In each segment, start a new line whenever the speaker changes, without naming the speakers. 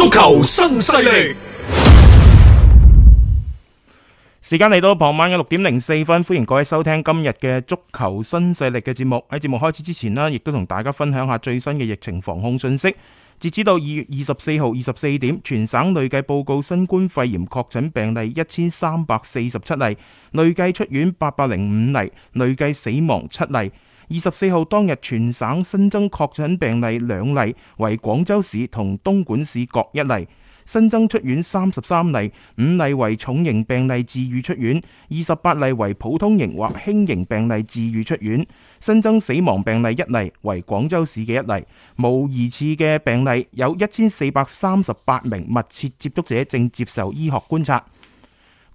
足球新勢力，時間嚟到傍晚嘅六點零四分，歡迎各位收聽今日嘅足球新勢力嘅節目。喺節目開始之前呢，亦都同大家分享下最新嘅疫情防控信息。截止到二月二十四號二十四點，全省累計報告新冠肺炎確診病例一千三百四十七例，累計出院八百零五例，累計死亡七例。二十四號當日全省新增確診病例兩例，為廣州市同東莞市各一例；新增出院三十三例，五例為重型病例治愈出院，二十八例為普通型或輕型病例治愈出院；新增死亡病例一例，為廣州市嘅一例。無疑似嘅病例，有一千四百三十八名密切接觸者正接受醫學觀察。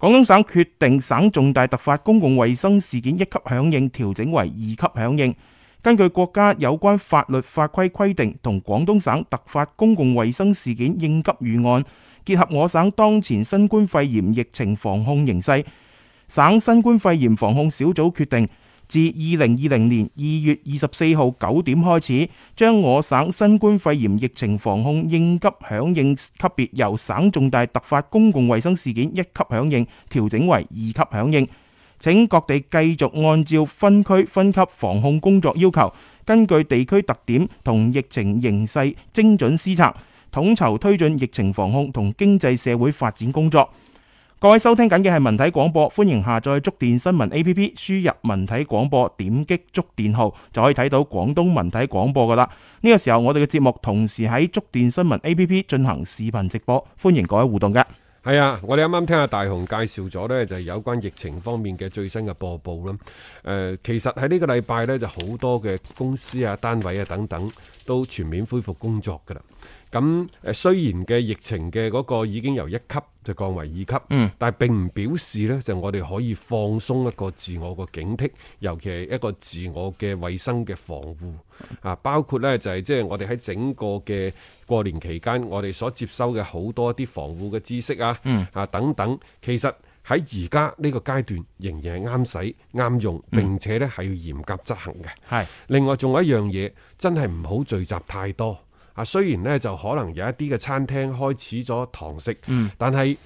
廣東省決定省重大突發公共衛生事件一級響應調整為二級響應。根據國家有關法律法規規定同廣東省突發公共衛生事件應急預案，結合我省當前新冠肺炎疫情防控形勢，省新冠肺炎防控小組決定。自二零二零年二月二十四號九點開始，將我省新冠肺炎疫情防控應急響應級別由省重大突發公共衛生事件一級響應，調整為二級響應，請各地繼續按照分區分級防控工作要求，根據地區特點同疫情形勢精準施策，統籌推進疫情防控同經濟社會發展工作。各位收聽緊嘅係文體廣播，歡迎下載觸電新聞 A P P，輸入文體廣播，點擊觸電號就可以睇到廣東文體廣播噶啦。呢、這個時候，我哋嘅節目同時喺觸電新聞 A P P 進行視頻直播，歡迎各位互動嘅。
係啊，我哋啱啱聽阿大雄介紹咗呢，就係、是、有關疫情方面嘅最新嘅播報啦。誒、呃，其實喺呢個禮拜呢，就好多嘅公司啊、單位啊等等，都全面恢復工作噶啦。咁誒，雖然嘅疫情嘅嗰個已經由一級就降為二級，嗯，但係並唔表示咧就我哋可以放鬆一個自我嘅警惕，尤其係一個自我嘅衛生嘅防護啊，包括咧就係即係我哋喺整個嘅過年期間，我哋所接收嘅好多一啲防護嘅知識啊，嗯、啊等等，其實喺而家呢個階段仍然係啱使啱用，並且咧係要嚴格執行嘅。係、嗯、另外仲有一樣嘢，真係唔好聚集太多。啊，雖然呢，就可能有一啲嘅餐廳開始咗堂食，嗯、但係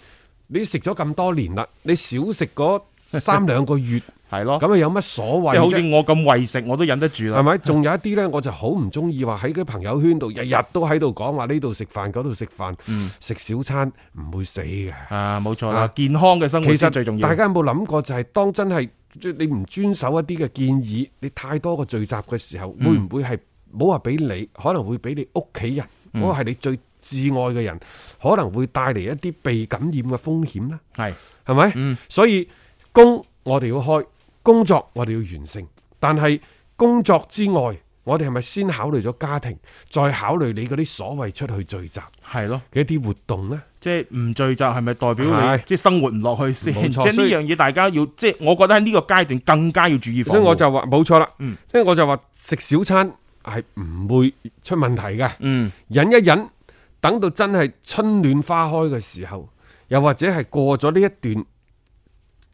你食咗咁多年啦，你少食嗰三兩個月係咯，咁啊 的有乜所謂啫？好似
我咁為食，我都忍得住啦，係咪吧？仲
有一啲呢，我就好唔中意話喺佢朋友圈度日日都喺度講話呢度食飯，嗰度食飯，食、嗯、小餐唔會死嘅，啊，
冇錯啦，健康嘅生活、啊、其實最重要。大
家有冇諗過就係、是、當真係你唔遵守一啲嘅建議，你太多個聚集嘅時候，會唔會係、嗯？冇話俾你，可能會俾你屋企人，嗰個係你最摯愛嘅人，可能會帶嚟一啲被感染嘅風險啦。係，係咪？是是，嗯、所以工我哋要開，工作我哋要完成。但係工作之外，我哋係咪先考慮咗家庭，再考
慮你嗰啲所謂出去聚集，係咯？嘅一啲活動呢，即係唔聚集係咪代表你即係的生活唔落去先？即係呢樣嘢，大家要即係、就是、我覺得喺呢個階段更加要注意。所以我就話冇錯啦。即、嗯、所以我就話食小餐。係唔會出問題嘅，嗯、
忍一忍，等到真係春暖花開嘅時候，又或者係過咗呢一段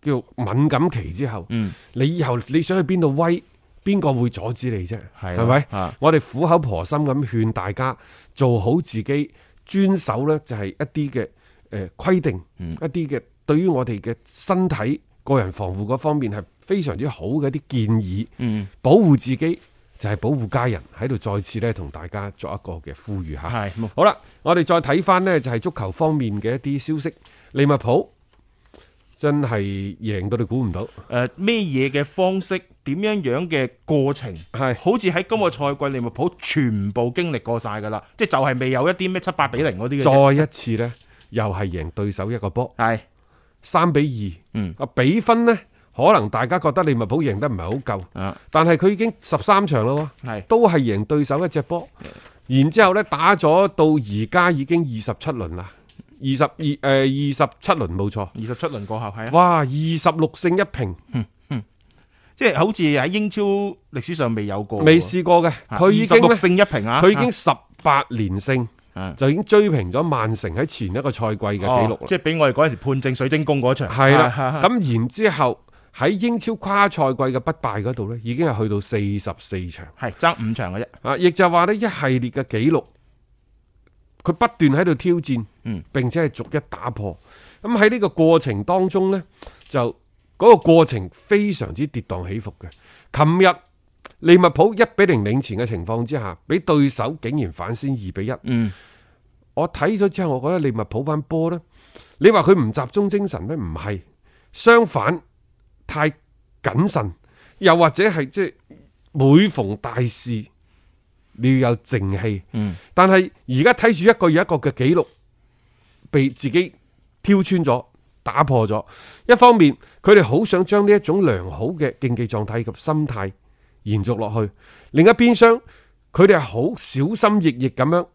叫敏感期之後，嗯、你以後你想去邊度威，邊個會阻止你啫？係咪？我哋苦口婆心咁勸大家做好自己，遵守呢就係一啲嘅誒規定，嗯、一啲嘅對於我哋嘅身體、個人防護嗰方面係非常之好嘅一啲建議，嗯嗯保護自己。就係保護家人喺度，在這裡再次咧同大家作一個嘅呼籲吓。係好啦，我哋再睇翻呢，就係、是、足球方面嘅一啲消息。利物
浦真係贏到你估唔到誒！咩嘢嘅方式？點樣樣嘅過程？係是好似喺今個賽季，利物浦全部經歷過晒噶啦，即係就係、是、未有一啲咩七八比零嗰啲嘅。再一
次呢，又係贏對手一個波，係三是比二。嗯，啊比分呢。可能大家覺得利物浦贏得唔係好夠，啊、但係佢已經十三場咯，係是都係贏對手一隻波，然之後咧打咗到而家已經二十七輪 20, 20,、呃、二十七輪二十七輪啦，二十二誒二十七輪冇錯，二十七輪過後係、啊、哇二十六勝一平，嗯嗯、即
係好似喺英超歷史上未有
過，未試過嘅，佢已經咧、啊、二十六勝一平啊，佢已經十八連勝，啊、就已經追平咗曼城喺前一個賽季嘅記錄，即係俾我哋嗰陣時判正水晶宮嗰場，係啦、啊，咁、啊、然之後，後。喺英超跨賽季嘅不敗嗰度呢，已經係去到四十四場，係爭五場嘅啫。啊，亦就話呢一系列嘅紀錄，佢不斷喺度挑戰，嗯，並且係逐一打破。咁喺呢個過程當中呢，就嗰個過程非常之跌宕起伏嘅。琴日利物浦一比零領前嘅情況之下，俾對手竟然反先二比一。嗯，我睇咗之後，我覺得利物浦翻波呢，你話佢唔集中精神咩？唔係，相反。太謹慎，又或者係即係每逢大事，你要有靜氣。嗯，但係而家睇住一個又一個嘅記錄，被自己挑穿咗、打破咗。一方面，佢哋好想將呢一種良好嘅競技狀態及心態延續落去；另一邊廂，佢哋係好小心翼翼咁樣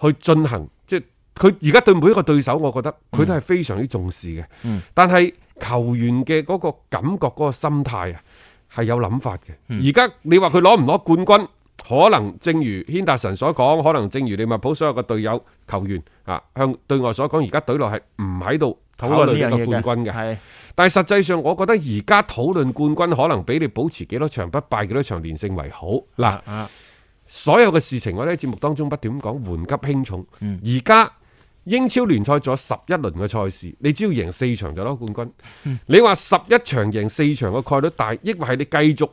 去進行。即係佢而家對每一個對手，我覺得佢都係非常之重視嘅。嗯。嗯，但係。球員嘅嗰個感覺、嗰、嗰個心態啊，係有諗法嘅。而家你話佢攞唔攞冠軍，可能正如軒達臣所講，可能正如利物浦所有嘅隊友球員啊，向對外所講，而家隊內係唔喺度討論呢個冠軍嘅。係，但係實際上，我覺得而家討論冠軍，可能比你保持幾多場不敗、幾多場連勝為好。嗱、啊，所有嘅事情我喺節目當中不斷咁講，緩急輕重。而家、嗯。英超聯賽仲有十一輪嘅賽事，你只要贏四場就攞冠軍。你話十一場贏四場嘅概率大，抑或係你繼續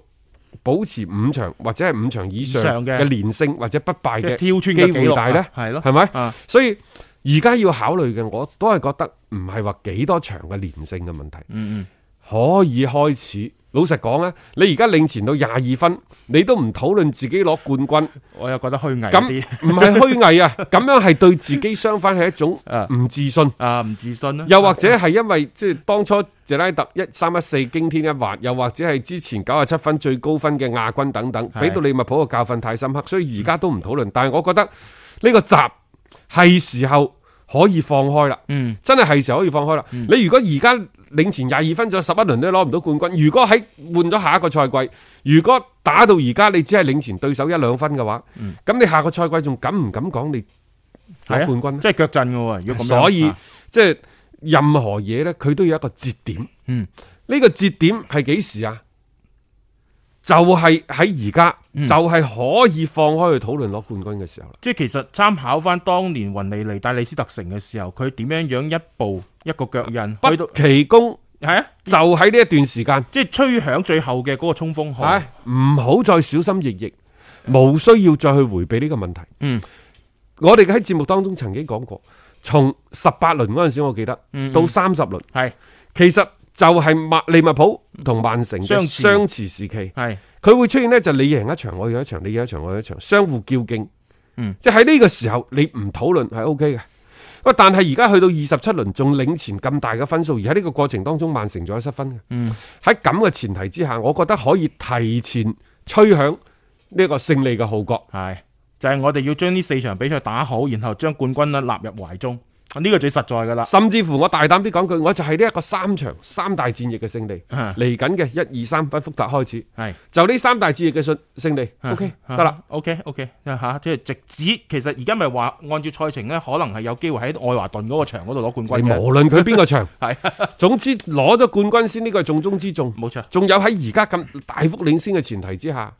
保持五場或者係五場以上嘅連勝或者不敗嘅跳穿機會大呢？係咪？所以而家要考慮嘅，我都係覺得唔係話幾多場嘅連勝嘅問題，可以開始。老實講啊，你而家領前到廿二分，你都唔討論自己攞冠軍，我又覺得虛偽啲。咁唔係虛偽啊，咁 樣係對自己相反係一種唔自、， 啊啊、自信啊，唔自信咯。又或者係因為即係當初謝拉特一三一四驚天一滑，又或者係之前九十七分最高分嘅亞軍等等，俾到利物浦個教訓太深刻，所以而家都唔討論。嗯、但係我覺得呢個集係時候。可以放開啦，真係係時候可以放開啦。嗯、你如果而家領前廿二分，仲有十一輪都攞唔到冠軍。如果喺換咗下一個賽季，如果打到而家你只係領前對手一兩分嘅話，咁、嗯、你下個賽季仲敢唔敢講你係冠軍？即係腳震喎，就是、所以即係、啊、任何嘢呢，佢都要一個節點。嗯、呢個節點呢個節點係幾時啊？就係喺
而家，嗯、就係
可以放開去討論攞冠軍嘅時
候。即係其實參考翻當年雲尼尼帶里斯特城嘅時候，佢點樣樣一步一個腳印去到奇功係啊？就喺呢一段時間，即係吹響最後嘅嗰個衝鋒
號。唔好、啊、再小心翼翼，冇、啊、需要再去回避呢個問題。嗯，我哋嘅喺節目當中曾經講過，從十八輪嗰陣時候我記得，嗯嗯到三十輪係，是其實。就係麥利物浦同曼城相持時期，係佢會出現呢，就你贏一場我贏一場，你贏一場我贏一場，相互較勁，嗯，即係喺呢個時候你唔討論係 O K 嘅，喂，但係而家去到二十七輪仲領先咁大嘅分數，而喺呢個過程當中曼城仲有失分嘅，嗯，喺咁嘅前提之下，我覺得可以提
前吹響呢個勝利嘅號角，係就係、是、我哋要將呢四場比賽打好，然後將冠軍呢納入懷中。呢個最實在噶啦，甚至乎我大膽啲講
句，我就係呢一個三場三大戰役嘅勝利，嚟緊嘅一二三分福特開始，係
就呢三大戰役嘅勝勝利，OK 得啦，OK OK 吓，即係直指，其實而家咪話，按照賽程呢，可能係有機會喺愛華頓嗰個場嗰度攞冠軍，無論佢邊個場，係總之攞咗冠軍先，呢個係重中之重，冇錯，仲有喺而家咁大幅
領先嘅前提之下，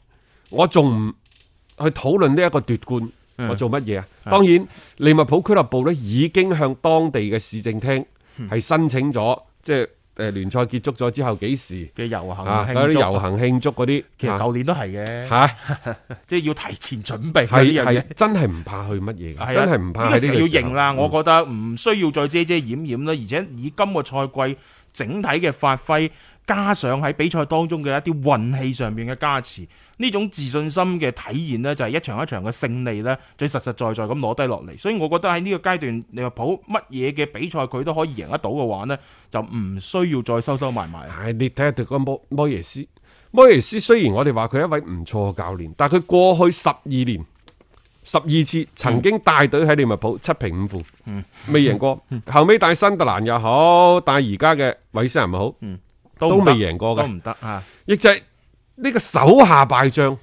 我仲唔去討論呢一個奪冠。我做乜嘢啊？當然，利物浦俱樂部咧已經向當地嘅市政廳係申請咗，即係誒聯賽結束咗之後幾時嘅遊行啊？嗰啲遊行慶祝嗰啲，啊、其實舊年都係嘅嚇，啊、
即係要提前準備係係，
真係唔怕去乜嘢，係啊、真係唔怕呢個，個時候要認啦。我
覺得唔需要再遮遮掩掩啦，而且以今個賽季，整體嘅發揮加上喺比賽當中嘅一啲運氣上面嘅加持，呢種自信心嘅體現呢，就係、是、一場一場嘅勝利呢，最實實在在咁攞低落嚟。所以，我覺得喺呢個階段，利物浦乜嘢嘅比賽佢都可以贏得到嘅話呢，就唔需要再收收埋埋。係、啊、你睇下嗰個摩摩耶斯，摩耶斯
雖然我哋話佢係一位唔錯嘅教練，但係佢過去十二年。十二次曾經帶隊喺利物浦、嗯、七平五負，未贏過。嗯嗯、後尾帶新德蘭又好，帶而家嘅韋斯咸又好，都未贏過嘅，都唔得，都唔得啊！亦就係、是、呢、這個手下敗將，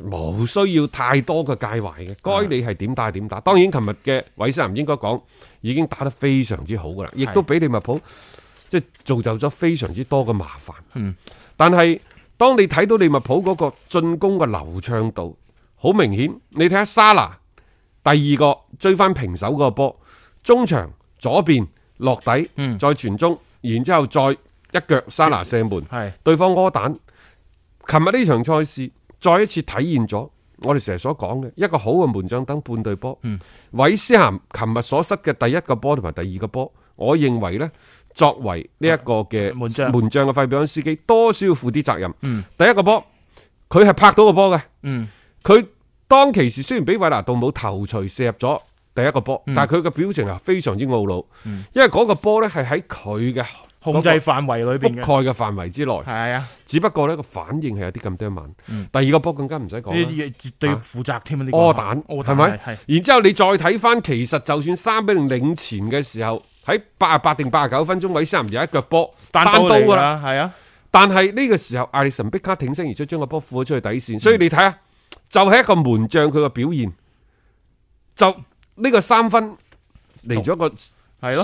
冇、嗯、需要太多嘅介懷嘅。該你係點打點打？嗯、當然昨的人，琴日嘅韋斯咸應該講已經打得非常之好噶啦，亦都俾利物浦即係造就咗、是、非常之多嘅麻煩。嗯，但係當你睇到利物浦嗰個進攻嘅流暢度。好明顯，你睇下沙拿第二個追翻平手嗰個波，中場左邊落底，嗯、再傳中，然之後再一腳沙拿射門，係、嗯、對方屙蛋。琴日呢場賽事再一次體現咗我哋成日所講嘅一個好嘅門將等半對波。韋斯咸琴日所失嘅第一個波同埋第二個波，我認為呢作為呢一個嘅門將，門將嘅費比安斯基，多少要負啲責任。嗯、第一個波佢係拍到個波嘅。嗯佢當其時雖然俾韋拿杜姆頭錘射入咗第一個波，但係佢嘅表情啊非常之懊惱，因為嗰個波呢係喺佢嘅控制範圍裏邊嘅覆蓋嘅範圍之內。係啊，只不過呢個反應係有啲咁多慢。第二個波更加唔使講，呢啲嘢絕對負責添呢啊！波彈，係咪？然之後你再睇翻，其實就算三比零領前嘅時候，喺八啊八定八啊九分鐘，韋斯咸有一腳波單刀啦，係啊。但係呢個時候，艾利臣碧卡挺身而出，將個波付咗出去底線。所以你睇下。就係一個門將佢個表現，就呢個三分嚟咗個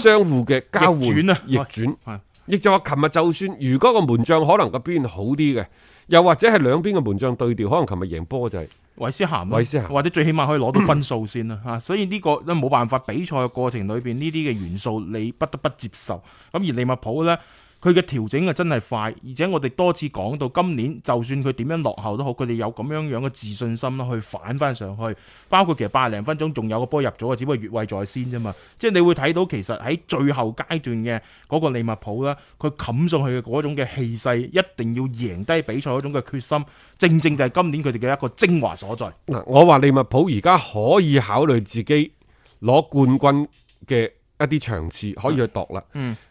相互嘅交換啊，逆轉轉亦就話琴日就算如果個門將可能個表現好啲嘅，又或者係兩邊嘅門將對調，可能琴日贏波就係、是、
韋斯咸韋斯咸或者最起碼可以攞到分數先啦吓， 所以呢個都冇辦法，比賽嘅過程裏邊呢啲嘅元素你不得不接受，咁而利物浦呢？佢嘅調整啊，真係快，而且我哋多次講到，今年就算佢點樣落後都好，佢哋有咁樣樣嘅自信心啦，去反翻上去，包括其實八十零分鐘仲有個波入咗啊，只不過越位在先啫嘛。即係你會睇到，其實喺最後階段嘅嗰個利物浦啦，佢冚上去嘅嗰種嘅氣勢，一定要贏低比賽嗰種嘅決心，正正就係今年佢哋嘅一個精華所在。
嗱，我話利物浦而家可以考慮自己攞冠軍嘅。一啲場次可以去度啦，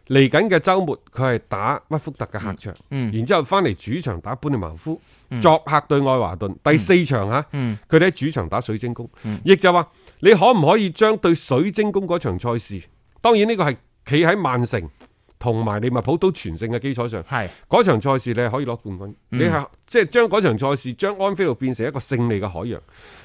嚟緊嘅周末佢係打屈福特嘅客場，嗯嗯、然之後翻嚟主場打本尼茅夫，嗯、作客對愛華頓第四場，佢哋喺主場打水晶宮，亦、嗯、就話、是、你可唔可以將對水晶宮嗰場賽事，當然呢個係企喺曼城同埋利物浦都全勝嘅基礎上，係嗰、嗯、場賽事你可以攞冠軍，嗯、你係即係將嗰場賽事將安菲路變成一個勝利嘅海洋，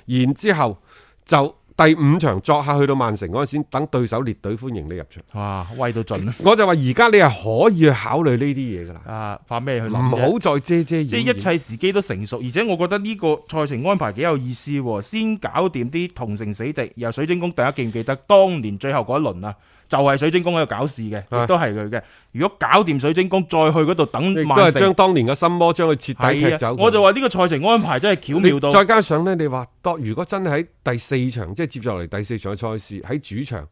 然之後就。第五場作客去到曼城嗰陣，先等對手列隊歡迎你入場，哇，威到盡啦！我就
話而家你係可以去考慮呢啲嘢噶啦，啊，發咩去諗？唔好再遮遮掩掩，即一切時機都成熟，而且我覺得呢個賽程安排幾有意思，先搞掂啲同城死敵，又水晶宮，大家記唔記得當年最後嗰一輪啊。就係水晶宮喺度搞事嘅，亦都係佢嘅。如果搞掂水晶宮，再去嗰度等都係將當年嘅心魔將佢徹底的踢走。我就話呢個賽程安排真係巧妙到。再加
上呢，你話，如果真係喺第四場，即係接落嚟第四場嘅賽事喺主場，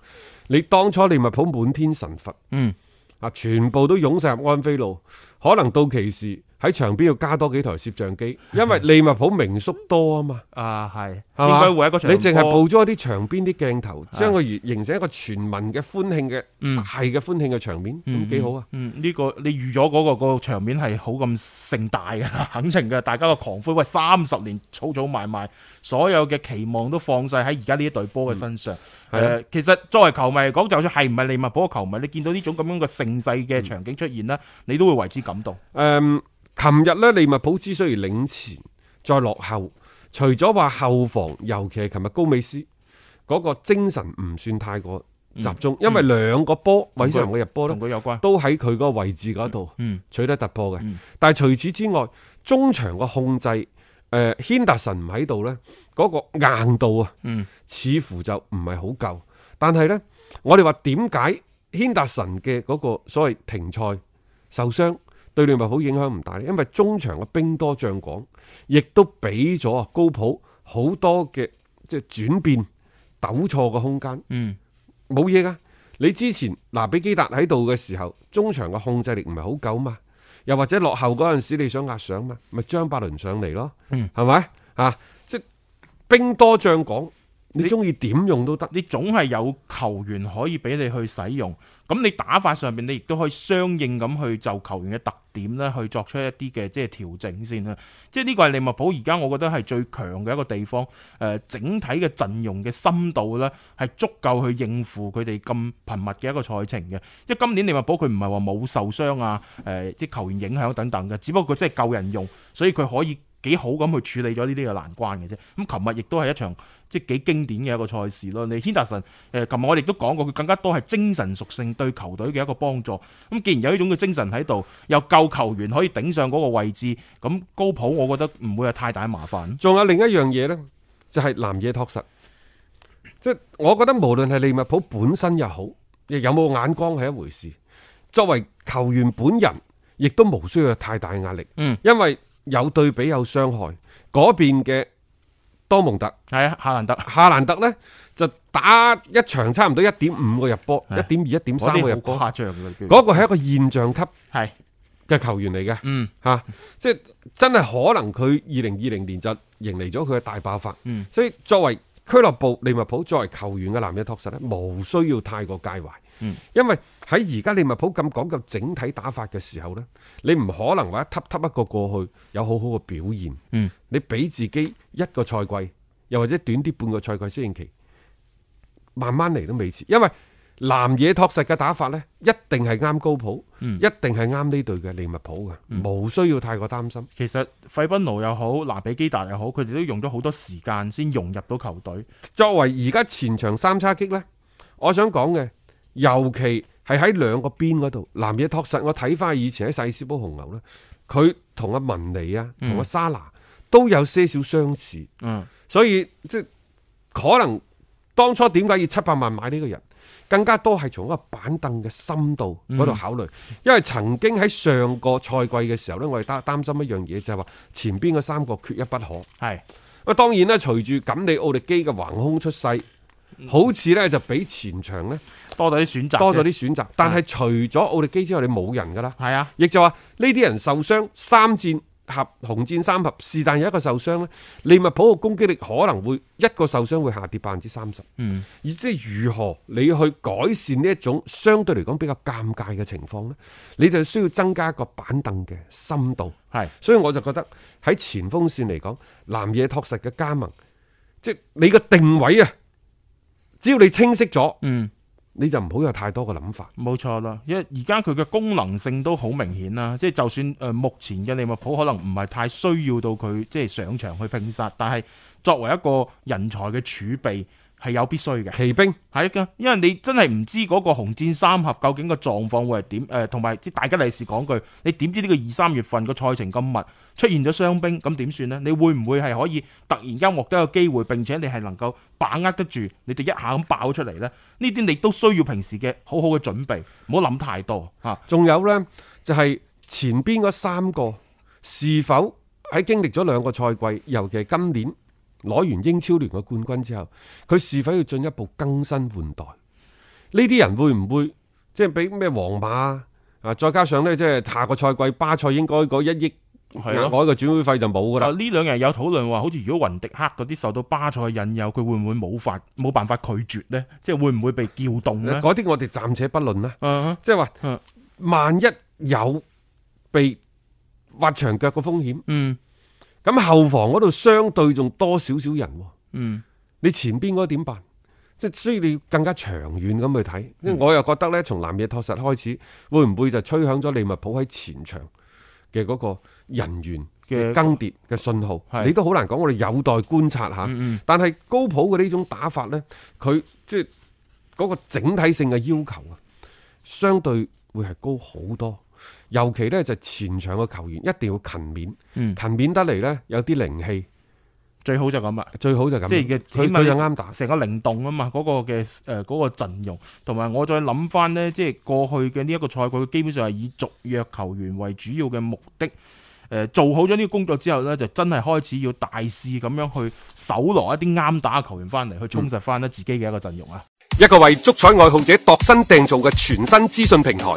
你當初你咪捧滿天神佛，嗯啊，全部都湧晒入安菲路，可能到其時。喺場邊要多加多幾台攝像機，因為利物浦名宿多啊嘛。
啊，係，是吧應
該會一個只是了一場。你淨係捕咗一啲場邊啲鏡頭，將佢形形成一個全民嘅歡慶嘅、嗯、大嘅歡慶嘅場
面，咁幾好啊。呢、嗯這個你預咗嗰個、那個場面係好咁盛大嘅，肯定嘅。大家個狂歡，喂，三十年草草埋埋，所有嘅期望都放晒喺而家呢一隊波嘅身上。誒、嗯啊呃，其實作為球迷嚟講，就算係唔係利物浦嘅球迷，你見到呢種咁樣嘅盛世嘅場景出現咧，嗯、你都會為之感動。
誒、嗯。琴日呢，利物浦之所以領前，再落後，除咗話後防，尤其係琴日高美斯嗰、那個精神唔算太過集中，嗯嗯、因為兩個波韋斯咸嘅入波咧，同佢有關，都喺佢嗰個位置嗰度取得突破嘅。嗯嗯嗯、但係除此之外，中場個控制，誒、呃，軒達臣唔喺度呢，嗰、那個硬度啊，嗯、似乎就唔係好夠。但係呢，我哋話點解軒達臣嘅嗰個所謂停賽受傷，對利物浦影響唔大，因為中場嘅兵多將廣，亦都俾咗高普好多嘅即係轉變，鬥錯嘅空間。嗯，冇嘢噶。你之前嗱比基達喺度嘅時候，中場嘅控制力唔係好夠嘛，又或者落後嗰陣時，你想壓上嘛，咪張
伯倫上嚟咯。嗯，係咪啊？即係兵多將廣。你中意點用都得，你總係有球員可以俾你去使用。咁你打法上面，你亦都可以相應咁去就球員嘅特點咧，去作出一啲嘅即係調整先啦。即係呢個係利物浦而家，我覺得係最強嘅一個地方。誒、呃，整體嘅陣容嘅深度呢，係足夠去應付佢哋咁頻密嘅一個賽程嘅。即今年利物浦佢唔係話冇受傷啊，誒、呃，啲球員影響等等嘅，只不過佢真係夠人用，所以佢可以幾好咁去處理咗呢啲嘅難關嘅啫。咁琴日亦都係一場即係幾經典嘅一個賽事咯。你軒達臣誒，琴日我哋都講過，佢更加多係精神屬性對球隊嘅一個幫助。咁既然有呢種嘅精神喺度，又夠球員可以頂上嗰個位置，咁高普我覺得唔會有太大麻煩。仲有另一樣嘢呢，就係、是、南野拓實。
即係我覺得無論係利物浦本身又好，亦有冇眼光係一回事。作為球員本人，亦都無需要有太大壓力。嗯，因為。有對比有傷害，嗰邊嘅多蒙特係啊，夏蘭特夏蘭特呢，就打一場差唔多一點五個入波，一點二一點三個入波嗰個係一個現象級係嘅球員嚟嘅，吓即係真係可能佢二零二零年就迎嚟咗佢嘅大爆發，嗯、所以作為俱樂部利物浦作為球員嘅南野拓實呢，冇需要太過介懷。嗯，因為喺而家利物浦咁講究整體打法嘅時候呢，你唔可能話一吸一個過去有好好嘅表現。嗯，你俾自己一個賽季，又或者短啲半個賽季適應期，慢慢嚟，都未遲。因為南野拓實嘅打法呢，一定係
啱高普，嗯、一定係啱呢隊嘅利物浦嘅，嗯、無需要太過擔心。其實費賓奴又好，拿比基達又好，佢哋都用咗好多時間先融入到球隊。作為而
家前場三叉戟呢，我想講嘅。尤其係喺兩個邊嗰度，南野拓實我睇翻以前喺細斯堡紅牛呢，佢同阿文尼啊，同阿莎拿都有些少相似，嗯、所以即可能當初點解要七百萬買呢個人，更加多係從一個板凳嘅深度嗰度考慮，嗯、因為曾經喺上個賽季嘅時候呢，我哋擔擔心一樣嘢就係、是、話前邊嘅三個缺一不可，係，咁啊當然咧，隨住錦裏奧力基嘅橫空出世。好似咧就比前場呢多咗
啲選擇，多咗啲選
擇。是的 但係除咗奧利基之外，你冇人噶啦。係啊是的，亦就話呢啲人受傷，三戰合紅戰三合，是但有一個受傷呢，利物浦嘅攻擊力可能會一個受傷會下跌百分之三十。嗯，而即係如何你去改善呢一種相對嚟講比較尷尬嘅情況呢？你就需要增加一個板凳嘅深度。係，是的 所以我就覺得喺前鋒線嚟講，南野拓實嘅加盟，即你嘅定位啊。只要你清晰咗，嗯，你就唔好有太多嘅諗法。
冇錯啦，因為而家佢嘅功能性都好明顯啦，即係就算誒目前嘅利物浦可能唔係太需要到佢即係上場去拼殺，但係作為一個人才嘅儲備。係有必須嘅，奇兵係嘅，因為你真係唔知嗰個紅箭三合究竟個狀況會係點，誒，同埋即大吉利是講句，你點知呢個二三月份個賽程咁密出現咗傷兵咁點算呢？你會唔會係可以突然間獲得個機會，並且你係能夠把握得住，你哋一下咁爆出嚟呢？呢啲你都需要平時嘅好好嘅準備，唔好諗太多嚇。仲有呢，就係、是、前邊嗰三個是否喺
經歷咗兩個賽季，尤其係今年。攞完英超聯嘅冠軍之後，佢是否要進一步更新換代？呢啲人會唔會即係俾咩皇馬啊？再加上咧，即係下個賽季巴塞應該嗰一億，係啊，改個轉會費就
冇㗎啦。呢兩日有討論話，好似如果雲迪克嗰啲受到巴塞引誘，佢會唔會冇法冇辦法拒絕咧？即係會唔會被叫動咧？嗰啲我哋暫且不論啦。Uh、
huh，即係話，uh huh. 萬一有被挖牆腳嘅風險。嗯。咁後防嗰度相對仲多少少人，哦，嗯，你前邊嗰啲點辦？即係需要你更加長遠咁去睇，因、嗯、我又覺得咧，從南野拓實開始，會唔會就吹響咗利物浦喺前場嘅嗰個人員嘅更迭嘅信號？你都好難講，我哋有待觀察下。嗯嗯，但係高普嘅呢種打法咧，佢即係嗰個整體性嘅要求啊，相對會係高好多。尤其呢，就是、前場嘅球員一定要勤勉，嗯、勤勉得
嚟呢，有啲靈氣，最好就咁啊，最好就咁。即係起碼就啱打，成個靈動啊嘛。嗰、那個嘅誒嗰個陣容，同埋我再諗翻呢，即、就、係、是、過去嘅呢一個賽季，基本上係以續約球員為主要嘅目的。誒、呃，做好咗呢個工作之後呢，就真係開始要大肆咁樣去搜羅一啲啱打嘅球員翻嚟，嗯、去充實翻呢自己嘅一個陣容啊！
一個為足彩愛好者度身訂造嘅全新資訊平台。